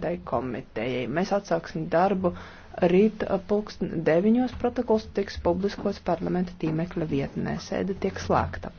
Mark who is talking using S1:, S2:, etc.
S1: tai komitejai. Mēs atsāksim darbu rīt uh, pulksten deviņos protokols tiks publiskots parlamenta tīmekļa vietnē. Sēde tiek slēgta.